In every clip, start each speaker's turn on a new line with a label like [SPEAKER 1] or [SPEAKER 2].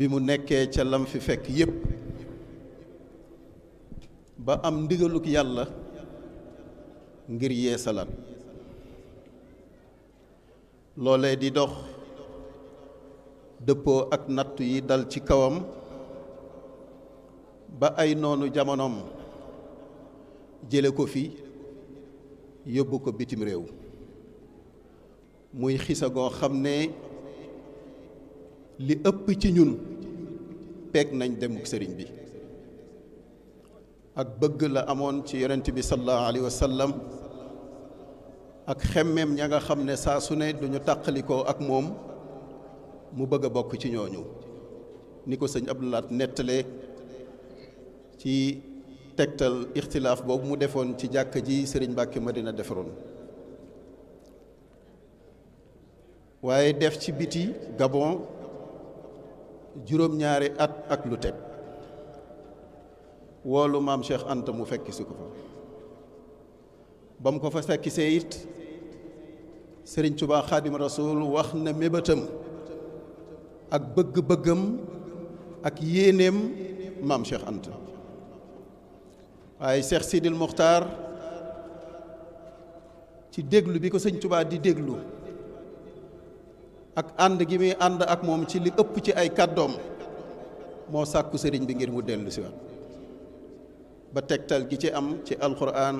[SPEAKER 1] bi mu nekkee ca lam fi fekk yépp ba am ndigaluk yàlla ngir yeesalaat loole di dox dëppoo ak nattu yi dal ci kawam ba ay noonu jamonoom jële ko fi yóbbu ko bitim réew muy xisa goo xam ne li ëpp ci ñun peeg nañ dem sëriñ bi ak bëgg la amoon ci yonent bi sallallahu alayhi ak xemmeem ña nga xam ne saa su ne duñu tàqalikoo ak moom mu bëgg a bokk ci ñooñu ni ko sëñ Abdou Lahat nettalee ci tegtal ixtilaaf boobu mu defoon ci jàkk ji sëriñ Mbàkke Madina defaroon waaye def ci biti Gabon juróom-ñaari at ak lu teg woolu maam Cheikh Anta mu fekk si ko fa ba mu ko fa fekk see it Sëriñ Tuubaa Xaadim Rasuul wax na mébétam ak bëgg-bëggam ak yéeneem maam Cheikh Anta waaye Cheikh Sidil Muxtaar ci déglu bi ko Sëñ Tuubaa di déglu ak ànd gi muy ànd ak moom ci li ëpp ci ay kàddoom moo sàkku sëriñ bi ngir mu dellu si ba tegtal gi ci am ci alquran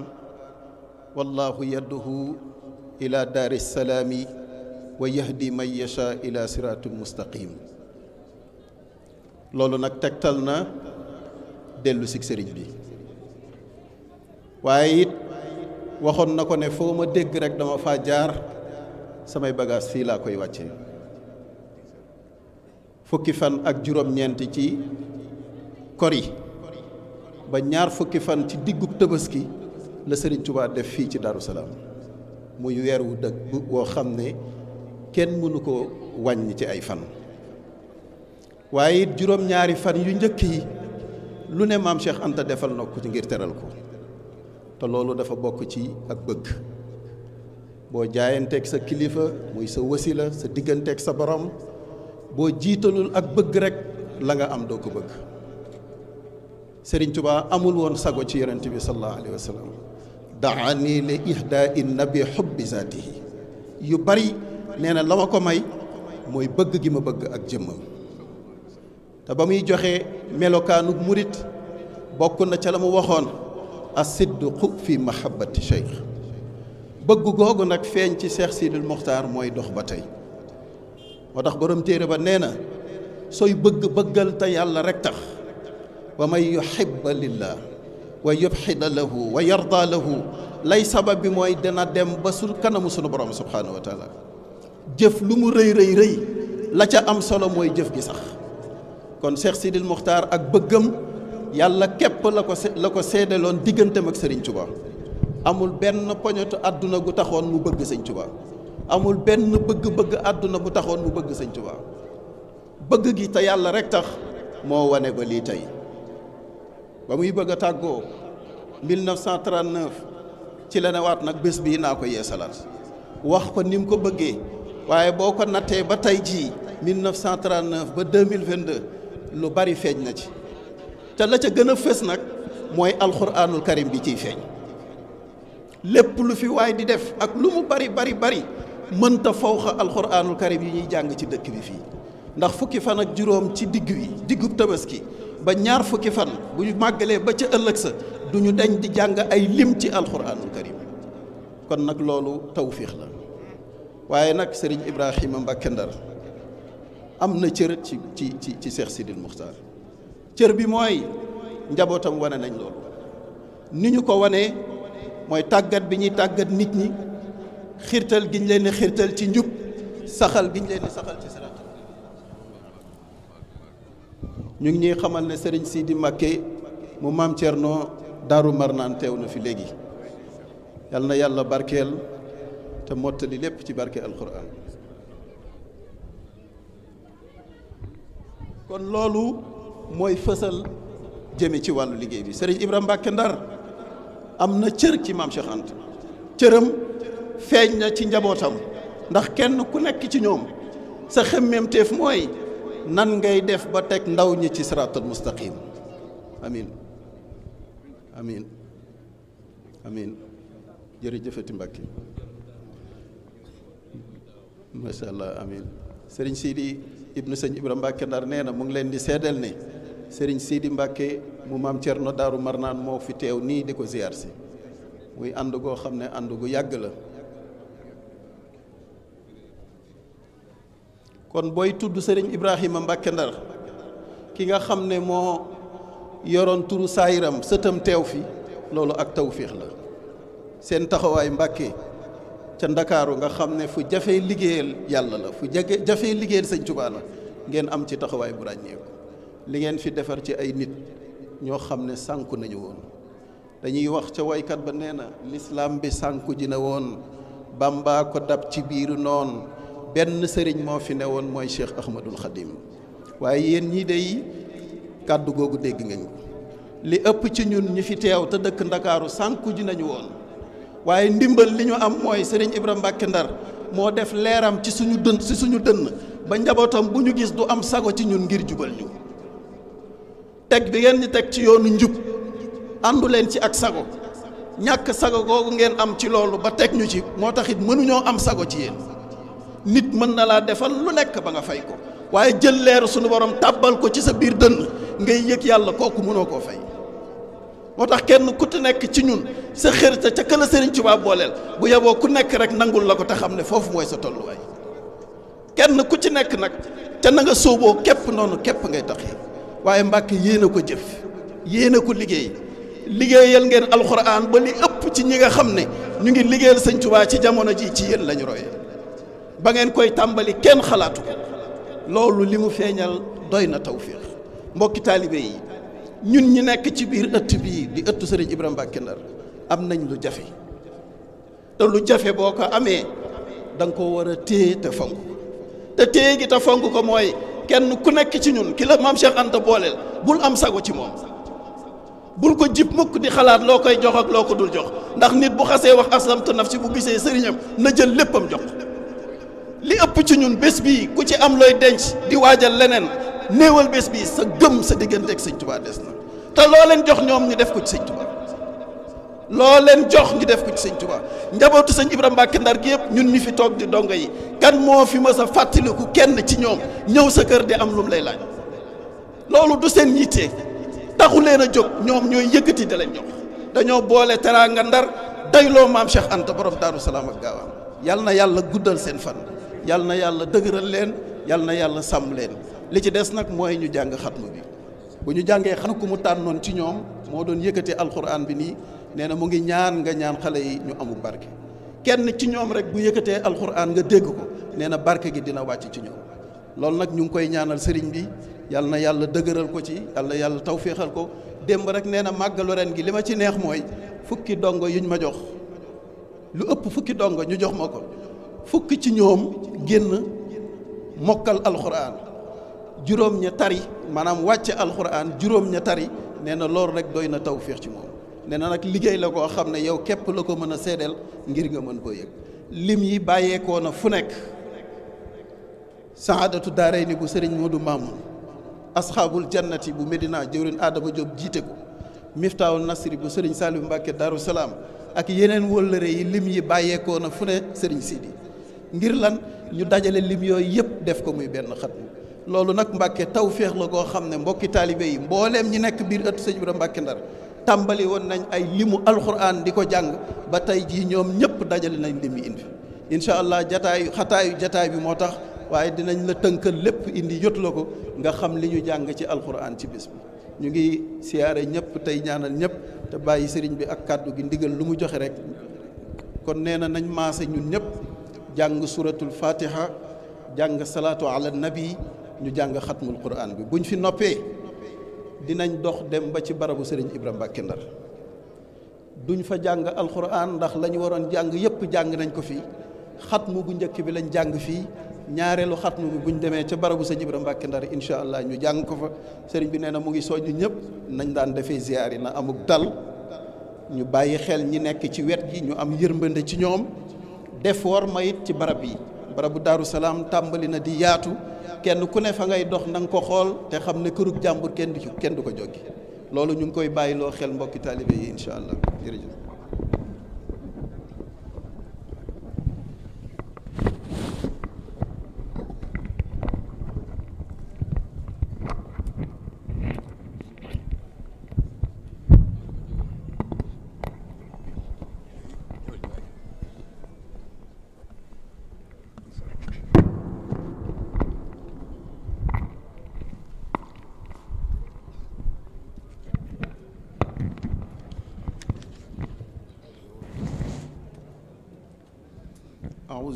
[SPEAKER 1] wallahu yadduhu ila daari salaami wa yahdi man yasha ila siraatin loolu nag tegtal na dellu si sëriñ bi waaye it waxoon na ko ne foo ma dégg rek dama faa jaar samay bagage fii laa koy wàcce fukki fan ak juróom-ñeent ci kori ba ñaar fukki fan ci diggub tabaski la Serigne Touba def fii ci Darou Salaam muy weer wu dëgg woo xam ne kenn mënu ko wàññi ci ay fan waaye it juróom-ñaari fan yu njëkk yi lu ne maam Cheikh Anta defal na ci ngir teral ko te loolu dafa bokk ci ak bëgg boo jaayanteek sa kilifa muy sa wasila sa digganteeg sa borom boo jiitalul ak bëgg rek la nga am doo ko bëgg Sëriñ Tuubaa amul woon sago ci yonent bi sallallahu alayhi wa sallam daani li ihdaa nabi xubbi zaatihi yu bari nee na la ma ko may mooy bëgg gi ma bëgg ak jëmmam te ba muy joxe melokaanu murit bokk na ca la mu waxoon asidqu fi mahabbati cheikh bëgg googu nag feeñ ci seex Sidil Mokhtar mooy dox ba tey moo tax boroom téere ba nee na sooy bëgg bëggal te yàlla rek tax ba may man yuhibba lillah wa yubxida lahu wa yarda lahu lay sabab bi mooy dana dem ba su kanamu sunu borom subhaanahu wa taala jëf lu mu rëy rëy rëy la ca am solo mooy jëf gi sax kon Cheikh Sidil Mokhtar ak bëggam yàlla képp la ko la ko seedaloon digganteem ak Serigne Touba. amul benn poñetu àdduna bu taxoon mu bëgg sëñ Tuubaa amul benn bëgg-bëgg àdduna bu taxoon mu bëgg sëñ Tuubaa bëgg gi te yàlla rek tax moo wane ba lii tey ba muy bëgg a tàggoo 1939 ci la ne waat nag bés bii naa ko yeesalaat wax ko ni mu ko bëggee waaye boo ko nattee ba tey jii 1939 ba 2022 lu bari feeñ na ci te la ca gën a fës nag mooy alxuraanul karim bi ciy feeñ. lépp lu fi waaye di def ak lu mu bari bari bari mënta fawxa alxuraanul karim yi ñuy jàng ci dëkk bi fii ndax fukki fan ak juróom ci digg wi diggub tabaski ba ñaar fukki fan bu ñu màggalee ba ca ëllëg sa du ñu dañ di jàng ay lim ci alxuraanul karim kon nag loolu tawfiix la waaye nag sëriñ Ibrahima Mbàkke Ndar am na cër ci ci ci ci Seex Sidil Muxtaar cër bi mooy njabootam wane nañ loolu ni ñu ko wanee mooy tàggat bi ñuy tàggat nit ñi xirtal gi ñu leen di xirtal ci njub saxal gi ñu leen di saxal ci siraat ñu ngi ñuy xamal ne sëriñ si di Mbacké mu maam noo Daaru Marnaan teew na fi léegi yal na yàlla barkeel te mottali lépp ci barke alquran kon loolu mooy fësal jëme ci wàllu liggéey bi sëriñ Ibrahima Mbacké Ndar am na cër ci maam Cheikh Anta cëram feeñ na ci njabootam ndax kenn ku nekk ci ñoom sa xemmemteef mooy nan ngay def ba teg ndaw ñi ci siraatul mustaqim amin amin amin jërëjëfati Mbàkke macha allah amin sëriñ Sidi ibnu sëñ Ibra Mbàkke Ndar nee na mu ngi leen di seedeel ni sëriñ Sidi Mbàkke mu maam Cerno Daaru Marnaan moo fi teew nii di ko ziyaar si muy ànd goo xam ne ànd gu yàgg la kon booy tudd sëriñ Ibrahima Mbàkke Ndar ki nga xam ne moo yoroon turu saayiram sëtam teew fi loolu ak tawfiix la seen taxawaay Mbàkke ca ndakaaru nga xam ne fu jafee liggéeyal yàlla la fu jafe liggéeyal sëñ Tuubaa ngeen am ci taxawaay bu ràññeeku li ngeen fi defar ci ay nit ñoo xam ne sànku nañu woon dañuy wax ca woykat ba nee na lislaam bi sànku ji na woon bàmbaa ko dab ci biiru noon benn sëriñ moo fi ne woon mooy Cheikh Ahmadul Xadim waaye yéen ñii day kàddu googu dégg ngañ ko li ëpp ci ñun ñi fi teew te dëkk ndakaaru sànku ji nañu woon waaye ndimbal li ñu am mooy sëriñ Ibra Mbàkke Ndar moo def leeram ci suñu dën ci suñu dënn ba njabootam bu ñu gis du am sago ci ñun ngir jubal ñu teg bi ngeen teg ci yoonu njub àndu leen ci ak sago ñàkk sago googu ngeen am ci loolu ba teg ñu ci moo tax it mënuñoo am sago ci yéen nit mën na laa defal lu nekk ba nga fay ko waaye jël leeru sunu borom tàbbal ko ci sa biir dënn ngay yëg yàlla kooku mënoo koo fay moo tax kenn ku ci nekk ci ñun sa xër ca ca këla Sëriñ Tuubaa booleel bu yeboo ku nekk rek nangul la ko te xam ne foofu mooy sa tolluwaay kenn ku ci nekk nag ca na nga sóoboo képp noonu képp ngay taxee waaye Mbàkke yéen a ko jëf yéen a ko liggéey liggéeyal ngeen alxuraan ba li ëpp ci ñi nga xam ne ñu ngi liggéeyal sëñ Tuubaa ci jamono ji ci yéen lañu royee ba ngeen koy tàmbali kenn xalaatu loolu li mu feeñal doy na tawfiix mbokki taalibe yi ñun ñi nekk ci biir ëtt bii di ëttu sëriñ Ibrahima Mbàkke Ndar am nañ lu jafe te lu jafe boo ko amee danga ko war a téye te fonk te téye te fonk ko mooy kenn ku nekk ci ñun ki la maam Cheikh booleel bul am sago ci moom bul ko jib mukk di xalaat loo koy jox ak loo ko dul jox ndax nit bu xasee wax aslamtu si bu gisee sëriñam na jël léppam jox li ëpp ci ñun bés bii ku ci am looy denc di waajal leneen néewal bés bii sa gëm sa diggante digganteeg sëñ Tuubaa des na te loo leen jox ñoom ñu def ko ci sëñ loo leen jox ngi def ko ci sëñ Tuubaa njabootu sëñ Ibrahima Mbàkke Ndar gi yëpp ñun ñi fi toog di dongo yi kan moo fi mës a fàttaliku kenn ci ñoom ñëw sa kër di am lu mu lay laaj loolu du seen yitte taxu leen a jóg ñoom ñooy yëkkati da leen jox dañoo boole teraanga Ndar dayloo maam Cheikh Anta borom Daaru Salaam ak gaawam yal na yàlla guddal seen fan yal na yàlla dëgëral leen yal na yàlla sàmm leen li ci des nag mooy ñu jàng xatmu bi bu ñu jàngee xan ku mu tànnoon ci ñoom moo doon yëkkati alxuraan bi nii nee na mu ngi ñaan nga ñaan xale yi ñu amul barke kenn ci ñoom rek bu yëkkatee alxuraan nga dégg ko nee na barke gi dina wàcc ci ñoom loolu nag ñu ngi koy ñaanal sëriñ bi yàlla na yàlla dëgëral ko ci yàlla yàlla tawféexal ko démb rek nee na màggalu ren gi li ma ci neex mooy fukki dongo yuñ ma jox lu ëpp fukki dongo ñu jox ma ko fukki ci ñoom génn mokkal alxuraan juróom ña tari maanaam wàcce alxuraan juróom ña tari nee na loolu rek doy na tawféex ci moom. nee na nag liggéey la koo xam ne yow képp la ko mën a seedeel ngir nga mën koo yëg lim yi bàyyeekoo na fu nekk saadatu daaray ni bu sëriñ Moodu Maamun asxaabul jannati bu Medina jëwrin Adama Diop jiite ko miftaawul nasri bu sëriñ Saliou mbàkke Darou Salaam ak yeneen wëllëre yi lim yi bàyyeekoo na fu ne sëriñ Sidi ngir lan ñu dajale lim yooyu yëpp def ko muy benn xat loolu nag Mbacke tawféex la koo xam ne mbokki taalibe yi mbooleem ñi nekk biir sëñ Ibra tàmbali woon nañ ay limu alxuraan di ko jàng ba tey jii ñoom ñëpp dajale nañ li mu indi incha allah jataayu xataayu jataay bi moo tax waaye dinañ la tënkal lépp indi jot ko nga xam li ñu jàng ci alxuraan ci bis bi ñu ngi siyaare ñëpp tey ñaanal ñëpp te bàyyi sëriñ bi ak kàddu gi ndigal lu mu joxe rek kon nee na nañ maase ñun ñëpp jàng suuratul fatiha jàng salaatu ala nabi ñu jàng xatmul quran bi buñ fi noppee dinañ dox dem ba ci barabu sëriñ Ibra Mbàkke Ndar duñ fa jàng alxuraan ndax lañu waroon jàng yépp jàng nañ ko fii xatmu bu njëkk bi lañ jàng fii ñaareelu xatmu bi buñ demee ca barabu sëriñ Ibra Mbàkke Ndar incha allah ñu jàng ko fa sëriñ bi nee na mu ngi soññ ñëpp nañ daan defee ziyaar yi na amuk dal ñu bàyyi xel ñi nekk ci wet gi ñu am yërmande ci ñoom def war ma ci barab yi barabu daaru salaam tàmbali na di yaatu kenn ku ne fa ngay dox na nga ko xool te xam ne kërug jàmbur kenn du kenn du ko joggi loolu ñu ngi koy bàyyiloo xel mbokki taalibe yi incha allah jërëjëf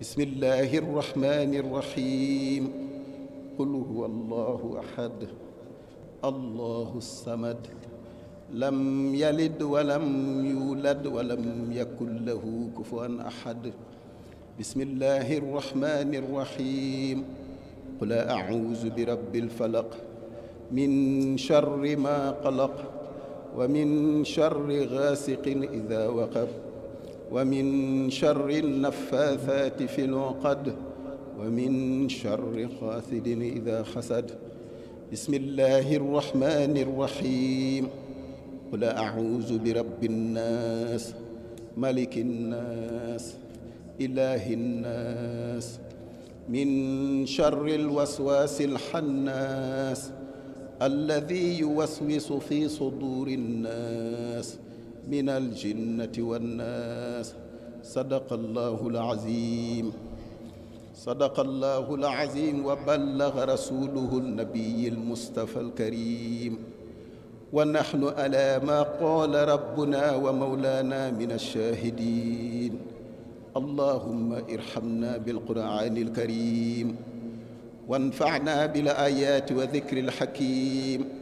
[SPEAKER 1] بسم الله الرحمن الرحيم قل هو الله أحد الله الصمد لم يلد ولم يولد ولم يكن له كفوا أحد بسم الله الرحمن الرحيم قل أعوذ برب الفلق من شر ما قلق ومن شر غاسق إذا وقب wa min charri naffaathaati fi l-uqad wa min charri xaasidin idaa xasad bismillaahi rahmaani rahiim qul acuuzu bi rabbi nnaas maliki nnaas ilaahi nnaas min charri l-waswaasi l-xannaas allazii yuwaswisu fii suduuri nnaas min aljinnati wannaas sadaqa allahu alazim sadaqa allahu alazim wa ballaga rasuluhu alnabiyi almustafa alkarim wa nahnu ala ma qaala rabbuna wa mawlana min alshahidin allahumma irhamna bilqurani alkarim wanfacna bilayaati wa dikri alxakim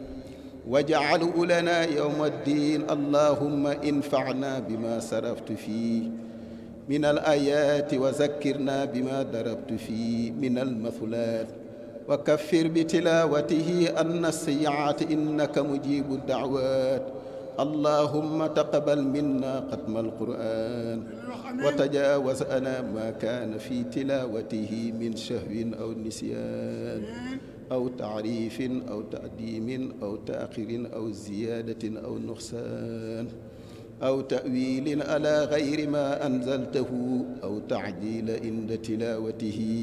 [SPEAKER 1] waj'alhu lana yawma ad-din allahumma infa'na bima saraftu fi min al-ayati wa zakkirna bima darabtu fi min al-mathulat wa kaffir bi tilawatihi anna sayyi'ati innaka mujibu ad-da'wat اللهم تقبل منا ختم القرآن وتجاوز أنا ما كان في تلاوته من شهو أو نسيان aw taarifin aw taadimin aw taaxirin aw ziyaadatin aw nuqsaan aw tawilin ala gayri ma anzaltahu aw taajila inda tilawatihi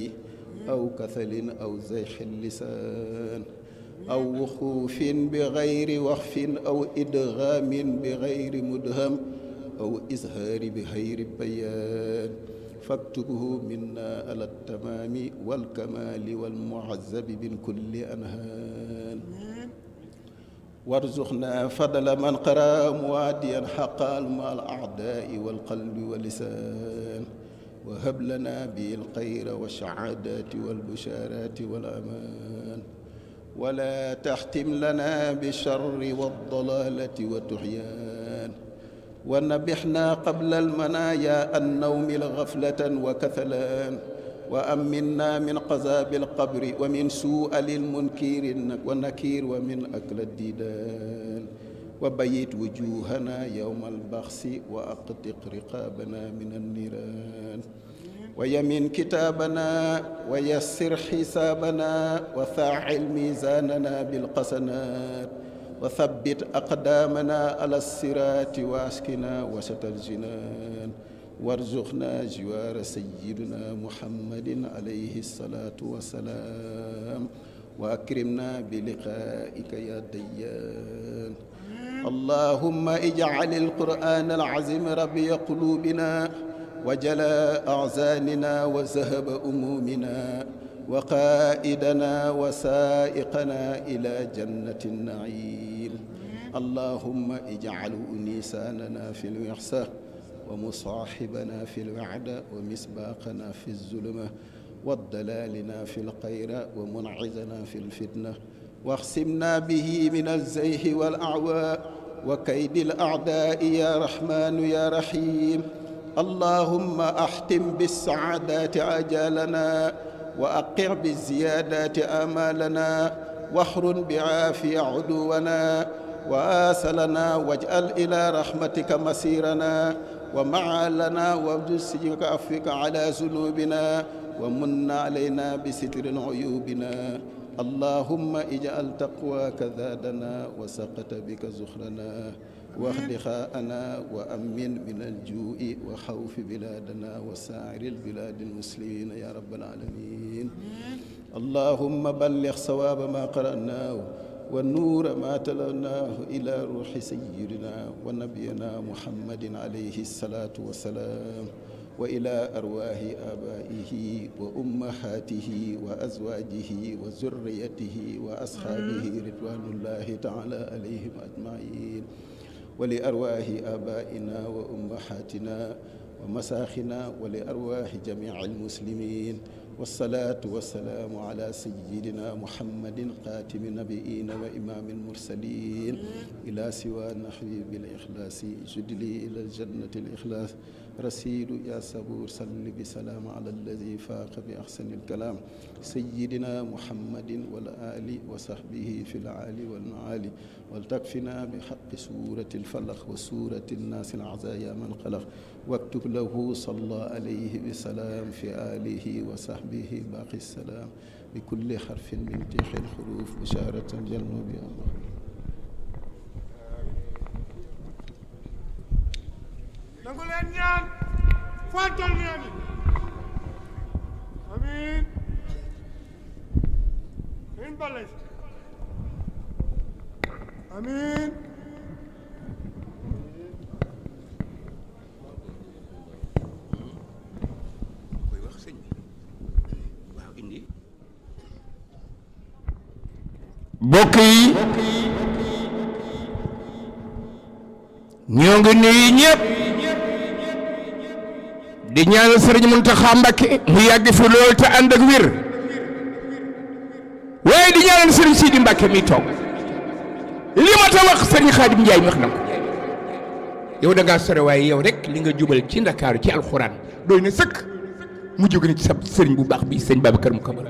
[SPEAKER 1] aw kathalin aw zayxi lisaan aw wuxuufin bi gayri waxfin aw idgaamin bi gayri mudham aw izhaari bi gayri bayaan faktubuhu minna ala tamaami wal kamaali wal muazzabi min kulli anhaan warzuqna fadla man qara muwaadiyan xaqal ma al aadaai wal qalbi wal lisaan wa hab lana bil xayra wa saadaati wal bushaaraati wal amaan wala taxtim lana bi charri wa dalaalati wa tuxyaan ونبحنا قبل المنايا النوم غفلة وكثلان وأمنا من قذاب القبر ومن سوء للمنكر والنكير ومن أكل الديدان وبيت وجوهنا يوم البخس وأقطق رقابنا من النيران ويمن كتابنا ويسر حسابنا وفاعل ميزاننا بالقسنات wa thabbit aqdaamana ala siraati waaskina wasatal jinaan warzuqna jiwaara sayyidina muhammadin alayhi salaatu wa salaam wa akrimna bi liqaa'ika yaa dayyaan allahumma ij'al al-qur'aan al-'aziim rabi'a quluubinaa wa jalaa'a ahzaanina wa zahaba umuuminaa وقائدنا وسائقنا إلى جنة النعيم اللهم اجعل نيساننا في الوعسة ومصاحبنا في الوعدة ومسباقنا في الظلمة والضلالنا في القيرة ومنعزنا في الفتنة واخسمنا به من الزيح والأعواء وكيد الأعداء يا رحمن يا رحيم اللهم أحتم بالسعادات عجالنا وأقر بالزيادات آمالنا واحرن بعافية عدونا وآسلنا واجعل إلى رحمتك مسيرنا ومع لنا وبسجك عفوك على ذنوبنا ومن علينا بستر عيوبنا اللهم اجعل تقواك زادنا وسقط بك زخرنا واخدخاءنا وأمن من الجوء وخوف بلادنا وسائر البلاد المسلمين يا رب العالمين اللهم بلغ صواب ما قرأناه والنور ما تلوناه إلى روح سيدنا ونبينا محمد عليه الصلاة والسلام وإلى أرواح آبائه وأمهاته وأزواجه وذريته وأصحابه رضوان الله تعالى عليهم أجمعين wali arwaahi abaa'ina wa ummahatina wa masaaxina wali arwaahi jamii al muslimiin والصلاة والسلام على سيدنا محمد قاتم نبيين وإمام المرسلين إلى سوى نحوي بالإخلاص جدلي إلى الجنة الإخلاص رسيل يا صبور صل بسلام على الذي فاق بأحسن الكلام سيدنا محمد والآل وصحبه في العالي والمعالي ولتكفنا بحق سورة الفلق وسورة الناس العزايا من قلق واكتب له صلى عليه بسلام في آله وصحبه وصحبه باقي السلام بكل حرف من تيح الحروف بشارة جنوب الله
[SPEAKER 2] نقول أن فاتل آمين من بلش آمين bokk yi ñoo ngi nuyu ñëpp di ñaanal sëriñ Muntaxa Mbàkke mu yàgg fi loolu te ànd ak wér waaye di ñaanal sëriñ Sidi Mbàkke mi toog li ma ta wax sëriñ Xaadim Njaay mi wax na ko yow sore waaye yow rek li nga jubal ci ndakaaru ci alxuraan doy na sëkk mu jóge na ci sab sëriñ bu baax bi sëñ Babacar mu kamal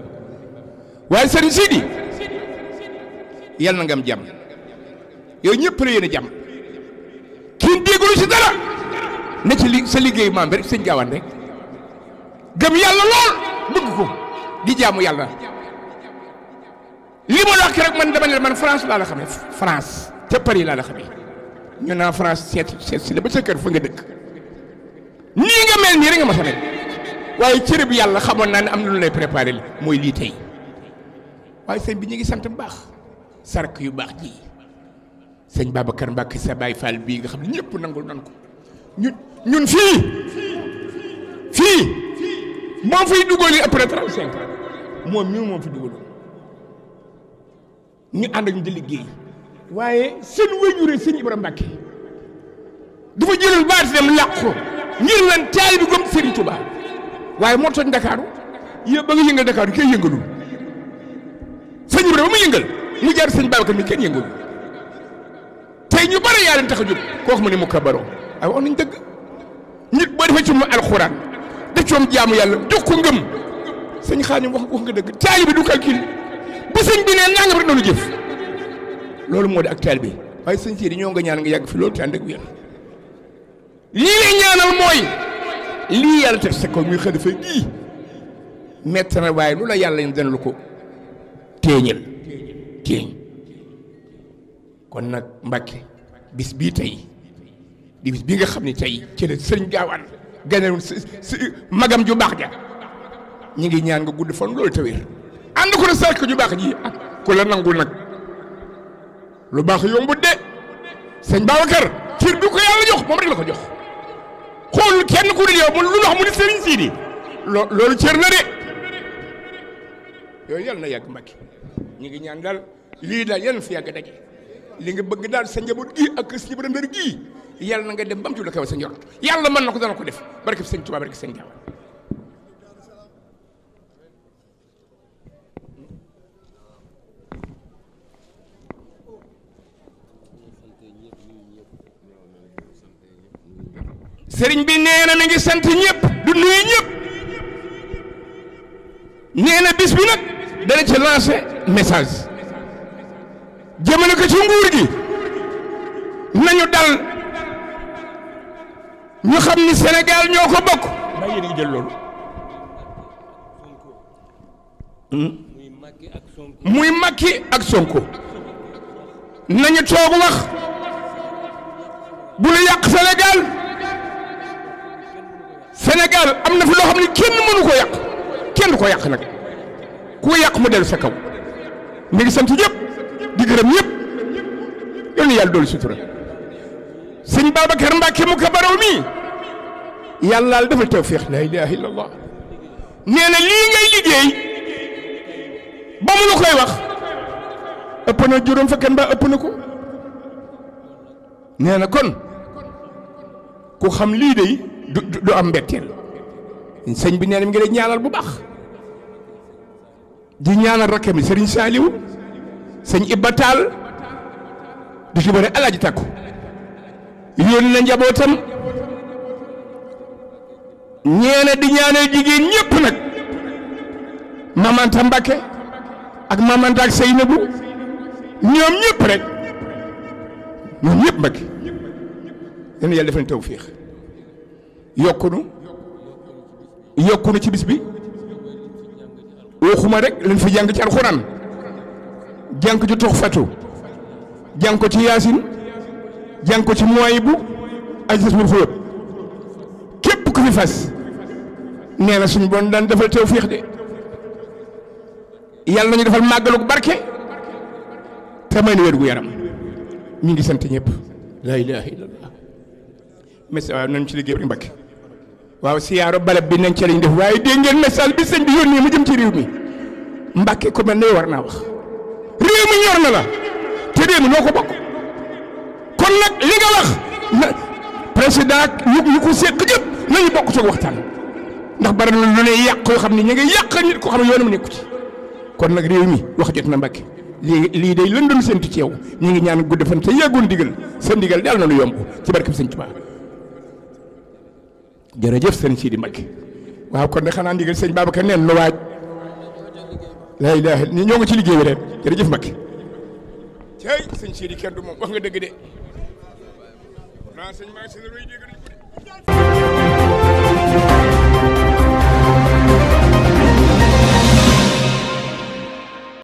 [SPEAKER 2] waaye sëriñ Sidi yal na nga am jàmm yow ñëpp la yéen a jàmm kiin déggulu ci dara na ci li sa liggéey maam bi rek sëñ gaawaan rek gëm yàlla lool bëgg ko di jaamu yàlla li ma la rek man dama ne man France laa la xamee France ca Paris laa la xamee ñu naa France seet seet si la ba sa kër fa nga dëkk nii nga mel nii rek nga ma xamee waaye cërëb yàlla xamoon naa ne am na lu lay préparé mooy lii tey waaye sëñ bi ñu ngi sant bu baax sark yu baax ji sëñ Babacar Mbacke sa Baye Fall bii nga xam ne ñëpp nangul nan ko ñun ñun fii fii moom fiy dugal yi après trente cinq ans moom mi moom fi dugaloon ñu ànd ak ñu di liggéey waaye seen wéjure sëñ Ibrahima Mbacke dafa jëlal baat dem làq ko ngir lan taay bi gëm Serigne waaye moo toj Ndakaaru yéen ba nga yëngal Ndakaaru kay yëngalul sëñ Ibrahima ba mu yëngal. ni jaar sëñ Babacar mi kenn yëngul tey ñu bari yaa leen tax a jóg kooku mu ne mu kabaroo ay wax dëgg nit boo defee ci moom alxuraan def ci jaamu yàlla jox ko ngëm sëñ xaañum wax wax nga dëgg taalibe du calcul bu sëñ bi ne nangam rek doonu jëf loolu moo di ak taalibe waaye sëñ si di ñoo nga ñaan nga yàgg fi loolu te ànd ak wér lii lay ñaanal mooy lii yàlla teg sa kaw muy xalifa gii mett na waaye lu la yàlla ñu dana lu ko téeñal kon nag Mbàkke bis bii tey di bis bii nga xam ni tey ci la sëriñ gaawaan ganewul magam ju baax ja ñu ngi ñaan nga gudd fan loolu tawéer ànd ko na sark ju baax ji ku la nangul nag lu baax yombut de sëñ Babacar cër bi ko yàlla jox moom rek la ko jox xoolul kenn ku dul yow mu lu wax mu ni sëriñ Sidi loolu cër la de yooyu yàlla na yàgg Mbàkke ñu ngi ñaan daal lii daal yal na fi li nga bëgg daal sa njaboot gi ak si borom dër gi yàlla na nga dem ba mu ci lu kaw sa njort yàlla mën na ko dana ko def barke sëñ Tuubaa barke sëñ Jaw sëriñ bi nee na mi ngi sant ñëpp du nuyu ñëpp nee na dana ci lancer message jëmale ko ci nguur gi nañu dal ñu xam ni Sénégal ñoo ko bokk. muy Macky ak Sonko. nañu toog wax bu lu yàq Sénégal Sénégal am na fi loo xam ne kenn mënu ko yàq kenn ko yàq nag. ku yàq mu dellu sa kaw mi ngi sant ñëpp di gërëm ñëpp yal yàlla dolli sutura sëñ Babacar Mbacke mu ko baraw mii yàllaal dafa tawféex la ilaha nee na lii ngay liggéey ba mu la koy wax ëpp na juróom fukki mbaa ëpp na ko nee na kon ku xam lii de du am mbetteel sëñ bi nee na mi ngi lay ñaanal bu baax. di ñaanal rakkam yi sëriñ Saaliw sëñ Ibba Taal di ci bëre alaaji takku yónni na njabootam ñeene di ñaanal jigéen ñëpp nag mamanta Mbakke ak mamanta ak Seynabu ñoom ñëpp rek ñoom ñëpp Mbakke yéen yàlla defal ñu yokkunu yokkunu ci bis bi xuma rek lañ fi jàng ci alxuraan jàng ci tuxfatu jàng ko ci yaasin jàng ko ci muwayibu ak jasmul xulóob képp ku fi fas nee na suñu bon daan defal teew fiix de yàlla nañu defal màggalug barke te may gu yaram ñu ngi sant ñëpp. la ilaha illallah ci liggéey rek waaw siyaaro balab bi nañ ca lañ def waaye dégg ngeen message bi sëñ bi yónnee mu jëm ci réew mi Mbàkke ko mel ne war naa wax réew mi ñor na la te réew mi noo ko bokk kon nag li nga wax na président ak ñu ñu ko seq yëpp nañu bokk ci waxtaan ndax bari na lu ne yàq yoo xam ne ñu ngi yàq nit ko xam ne mu nekku ci kon nag réew mi wax jot na Mbàkke lii lii day lëndoon séntu ci yow ñu ngi ñaan gudd fan te yàggoon digal sa ndigal daal na lu yomb ci barkeb Sëñ Tuubaa jërëjëf sëriñ Sidi Mbacke waaw kon de xanaa ndigal sëriñ Babacar neen lu waaj lay ni ñoo ngi ci liggéey bi rek jërëjëf Mbacke tey sëriñ kenn du moom wax dëgg de renseignement